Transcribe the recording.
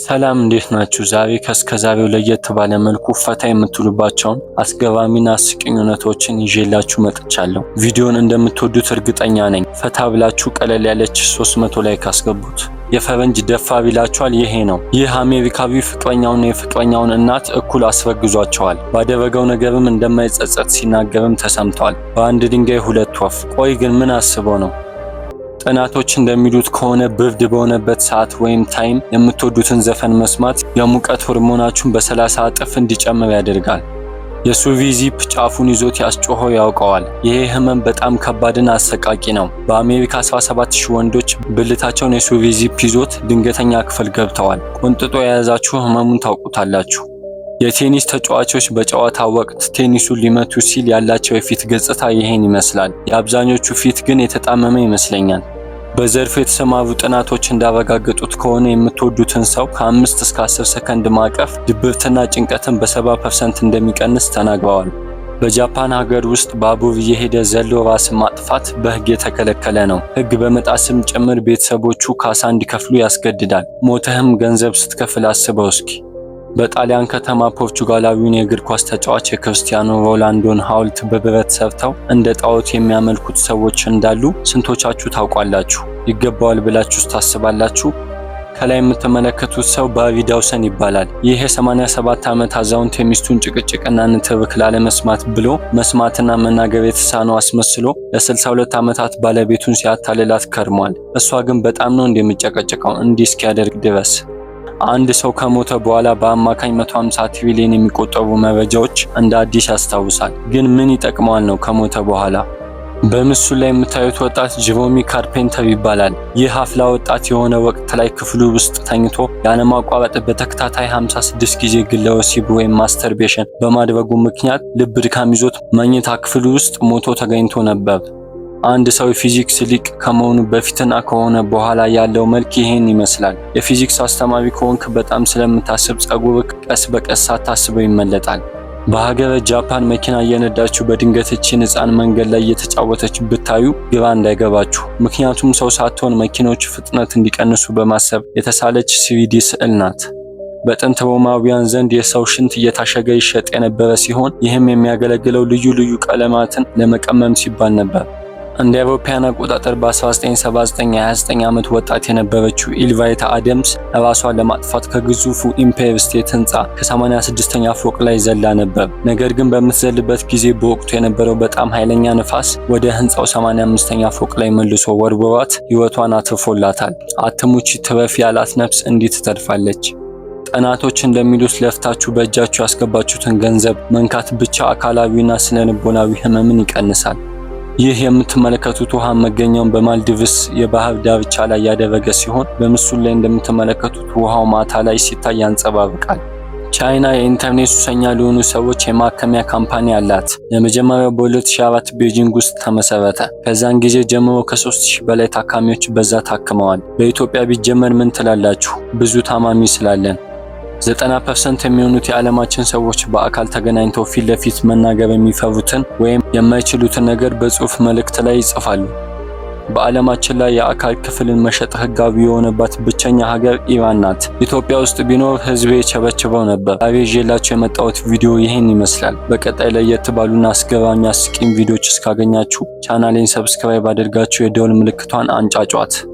ሰላም እንዴት ናችሁ? ዛሬ ከእስከዛሬው ለየት ባለ መልኩ ፈታ የምትሉባቸውን አስገራሚና አስቂኝ እውነቶችን ይዤላችሁ መጥቻለሁ። ቪዲዮን እንደምትወዱት እርግጠኛ ነኝ። ፈታ ብላችሁ ቀለል ያለች 300 ላይ ካስገቡት የፈረንጅ ደፋ ቢላችኋል ይሄ ነው። ይህ አሜሪካዊ ፍቅረኛውና የፍቅረኛውን እናት እኩል አስረግዟቸዋል። ባደረገው ነገርም እንደማይጸጸት ሲናገርም ተሰምቷል። በአንድ ድንጋይ ሁለት ወፍ። ቆይ ግን ምን አስበው ነው ጥናቶች እንደሚሉት ከሆነ ብርድ በሆነበት ሰዓት ወይም ታይም የምትወዱትን ዘፈን መስማት የሙቀት ሆርሞናችሁን በሰላሳ እጥፍ እንዲጨምር ያደርጋል። የሱቪ ዚፕ ጫፉን ይዞት ያስጮኸው ያውቀዋል። ይሄ ህመም በጣም ከባድና አሰቃቂ ነው። በአሜሪካ 17000 ወንዶች ብልታቸውን የሱቪ ዚፕ ይዞት ድንገተኛ ክፍል ገብተዋል። ቆንጥጦ የያዛችሁ ህመሙን ታውቁታላችሁ። የቴኒስ ተጫዋቾች በጨዋታ ወቅት ቴኒሱን ሊመቱ ሲል ያላቸው የፊት ገጽታ ይሄን ይመስላል። የአብዛኞቹ ፊት ግን የተጣመመ ይመስለኛል። በዘርፍ የተሰማሩ ጥናቶች እንዳረጋገጡት ከሆነ የምትወዱትን ሰው ከአምስት እስከ አስር ሰከንድ ማቀፍ ድብርትና ጭንቀትን በሰባ ፐርሰንት እንደሚቀንስ ተናግረዋል። በጃፓን ሀገር ውስጥ ባቡር እየሄደ ዘሎ ራስን ማጥፋት በህግ የተከለከለ ነው። ህግ በመጣስም ጭምር ቤተሰቦቹ ካሳ እንዲከፍሉ ያስገድዳል። ሞተህም ገንዘብ ስትከፍል አስበው እስኪ። በጣሊያን ከተማ ፖርቹጋላዊውን የእግር ኳስ ተጫዋች የክርስቲያኖ ሮናልዶን ሐውልት በብረት ሰርተው እንደ ጣዖት የሚያመልኩት ሰዎች እንዳሉ ስንቶቻችሁ ታውቋላችሁ? ይገባዋል ብላችሁስ ታስባላችሁ? ከላይ የምትመለከቱት ሰው ባሪ ዳውሰን ይባላል። ይህ የ87 ዓመት አዛውንት የሚስቱን ጭቅጭቅና ንትርክ ላለመስማት ብሎ መስማትና መናገር የተሳነው አስመስሎ ለ62 ዓመታት ባለቤቱን ሲያታልላት ከርሟል። እሷ ግን በጣም ነው እንደሚጨቀጭቀው እንዲህ እስኪያደርግ ድረስ አንድ ሰው ከሞተ በኋላ በአማካኝ 150 ትሪሊዮን የሚቆጠሩ መረጃዎች እንደ አዲስ ያስታውሳል። ግን ምን ይጠቅመዋል ነው ከሞተ በኋላ? በምስሉ ላይ የምታዩት ወጣት ጅሮሚ ካርፔንተር ይባላል። ይህ አፍላ ወጣት የሆነ ወቅት ላይ ክፍሉ ውስጥ ተኝቶ ያለማቋረጥ በተከታታይ 56 ጊዜ ግለ ወሲብ ወይም ማስተርቤሽን በማድረጉ ምክንያት ልብ ድካም ይዞት መኝታ ክፍሉ ውስጥ ሞቶ ተገኝቶ ነበር። አንድ ሰው የፊዚክስ ሊቅ ከመሆኑ በፊትና ከሆነ በኋላ ያለው መልክ ይህን ይመስላል። የፊዚክስ አስተማሪ ከሆንክ በጣም ስለምታስብ ጸጉር ቀስ በቀስ ሳታስበው ይመለጣል። በሀገረ ጃፓን መኪና እየነዳችሁ በድንገት እችን መንገድ ላይ እየተጫወተች ብታዩ ግራ እንዳይገባችሁ። ምክንያቱም ሰው ሳትሆን መኪኖች ፍጥነት እንዲቀንሱ በማሰብ የተሳለች ስሪዲ ስዕል ናት። በጥንት ሮማውያን ዘንድ የሰው ሽንት እየታሸገ ይሸጥ የነበረ ሲሆን ይህም የሚያገለግለው ልዩ ልዩ ቀለማትን ለመቀመም ሲባል ነበር። እንደ አውሮፓውያን አቆጣጠር በ1979-29 ዓመት ወጣት የነበረችው ኢልቫይታ አደምስ ራሷን ለማጥፋት ከግዙፉ ኢምፓየር ስቴት ህንፃ ከ86ኛ ፎቅ ላይ ዘላ ነበር። ነገር ግን በምትዘልበት ጊዜ በወቅቱ የነበረው በጣም ኃይለኛ ንፋስ ወደ ህንፃው 85ኛ ፎቅ ላይ መልሶ ወርውሯት ህይወቷን አትርፎላታል። አትሙቺ ትረፊ ያላት ነፍስ እንዲህ ትተርፋለች። ጥናቶች እንደሚሉት ለፍታችሁ በእጃችሁ ያስገባችሁትን ገንዘብ መንካት ብቻ አካላዊና ስነ ልቦናዊ ህመምን ይቀንሳል። ይህ የምትመለከቱት ውሃ መገኛውን በማልዲቭስ የባህር ዳርቻ ላይ ያደረገ ሲሆን በምስሉ ላይ እንደምትመለከቱት ውሃው ማታ ላይ ሲታይ ያንጸባርቃል። ቻይና የኢንተርኔት ሱሰኛ ለሆኑ ሰዎች የማከሚያ ካምፓኒ አላት። የመጀመሪያው በ2004 ቤጂንግ ውስጥ ተመሰረተ። ከዛን ጊዜ ጀምሮ ከ3000 በላይ ታካሚዎች በዛ ታክመዋል። በኢትዮጵያ ቢጀመር ምን ትላላችሁ? ብዙ ታማሚ ስላለን ዘጠና ፐርሰንት የሚሆኑት የዓለማችን ሰዎች በአካል ተገናኝተው ፊት ለፊት መናገር የሚፈሩትን ወይም የማይችሉትን ነገር በጽሑፍ መልእክት ላይ ይጽፋሉ። በዓለማችን ላይ የአካል ክፍልን መሸጥ ሕጋዊ የሆነባት ብቸኛ ሀገር ኢራን ናት። ኢትዮጵያ ውስጥ ቢኖር ሕዝቤ የቸበችበው ነበር። ዛሬ ይዤላችሁ የመጣሁት ቪዲዮ ይህን ይመስላል። በቀጣይ ለየት ባሉና አስገራሚ አስቂም ቪዲዮዎች እስካገኛችሁ ቻናሌን ሰብስክራይብ አድርጋችሁ የደወል ምልክቷን አንጫጫት።